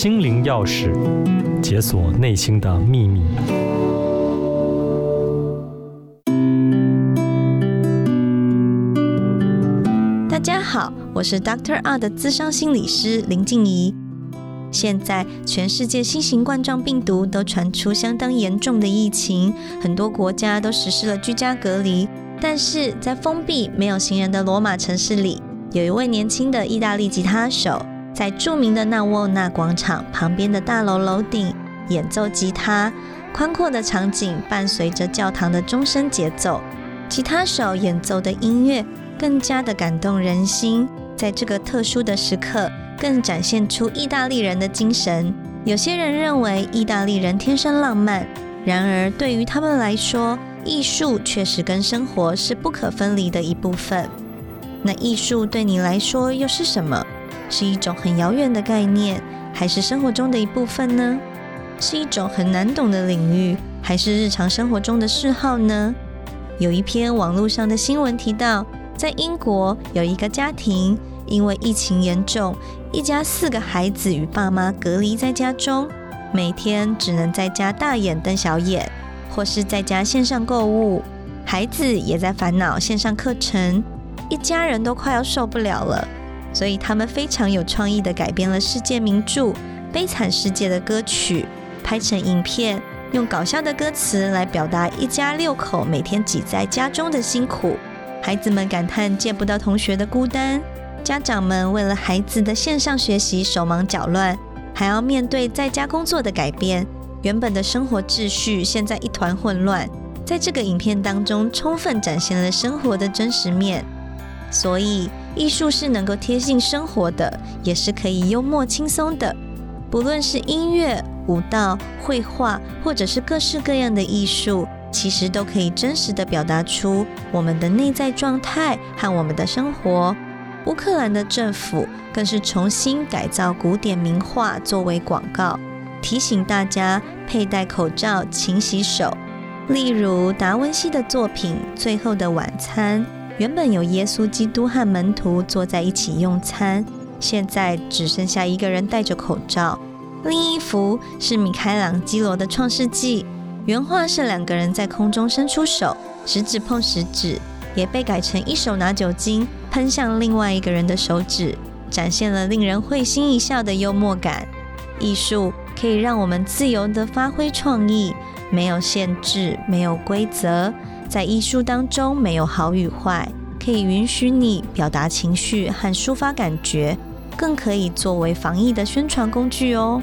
心靈鑰匙，解鎖內心的祕密。大家好，我是 Doctor R 的資深心理師林靜怡。現在，全世界新型冠狀病毒都傳出相當嚴重的疫情，很多國家都實施了居家隔離。但是在封閉沒有行人的羅馬城市裡，有一位年輕的意大利吉他手。在著名的納沃納廣場旁邊的大樓樓頂演奏吉他，寬闊的場景伴隨着教堂的鐘聲節奏，吉他手演奏的音樂更加的感動人心。在這個特殊的時刻，更展現出意大利人的精神。有些人認為意大利人天生浪漫，然而對於他們來說，藝術確實跟生活是不可分離的一部分。那藝術對你來說又是什麼？是一種很遙遠的概念，還是生活中的一部分呢？是一種很難懂的領域，還是日常生活中的嗜好呢？有一篇網絡上的新聞提到，在英國有一個家庭，因為疫情嚴重，一家四個孩子與爸媽隔離在家中，每天只能在家大眼瞪小眼，或是在家線上購物。孩子也在煩惱線上課程，一家人都快要受不了了。所以他們非常有創意的改編了世界名著《悲慘世界》的歌曲，拍成影片，用搞笑的歌詞來表達一家六口每天擠在家中的辛苦。孩子們感嘆見不到同學的孤單，家長們為了孩子的線上學習手忙腳亂，還要面對在家工作的改變，原本的生活秩序現在一團混亂。在這個影片當中，充分展現了生活的真實面。所以。藝術是能夠貼近生活的，也是可以幽默輕鬆的。不論是音樂、舞蹈、繪畫，或者是各式各樣的藝術，其實都可以真實的表達出我們的內在狀態和我們的生活。烏克蘭的政府更是重新改造古典名畫作為廣告，提醒大家佩戴口罩、勤洗手。例如達文西的作品《最後的晚餐》。原本有耶穌基督和門徒坐在一起用餐，現在只剩下一個人戴着口罩。另一幅是米開朗基羅的《創世紀》，原畫是兩個人在空中伸出手，食指碰食指，也被改成一手拿酒精噴向另外一個人的手指，展現了令人會心一笑的幽默感。藝術可以讓我們自由地發揮創意，沒有限制，沒有規則。在藝術當中，沒有好與壞，可以允許你表達情緒和抒發感覺，更可以作為防疫的宣傳工具哦。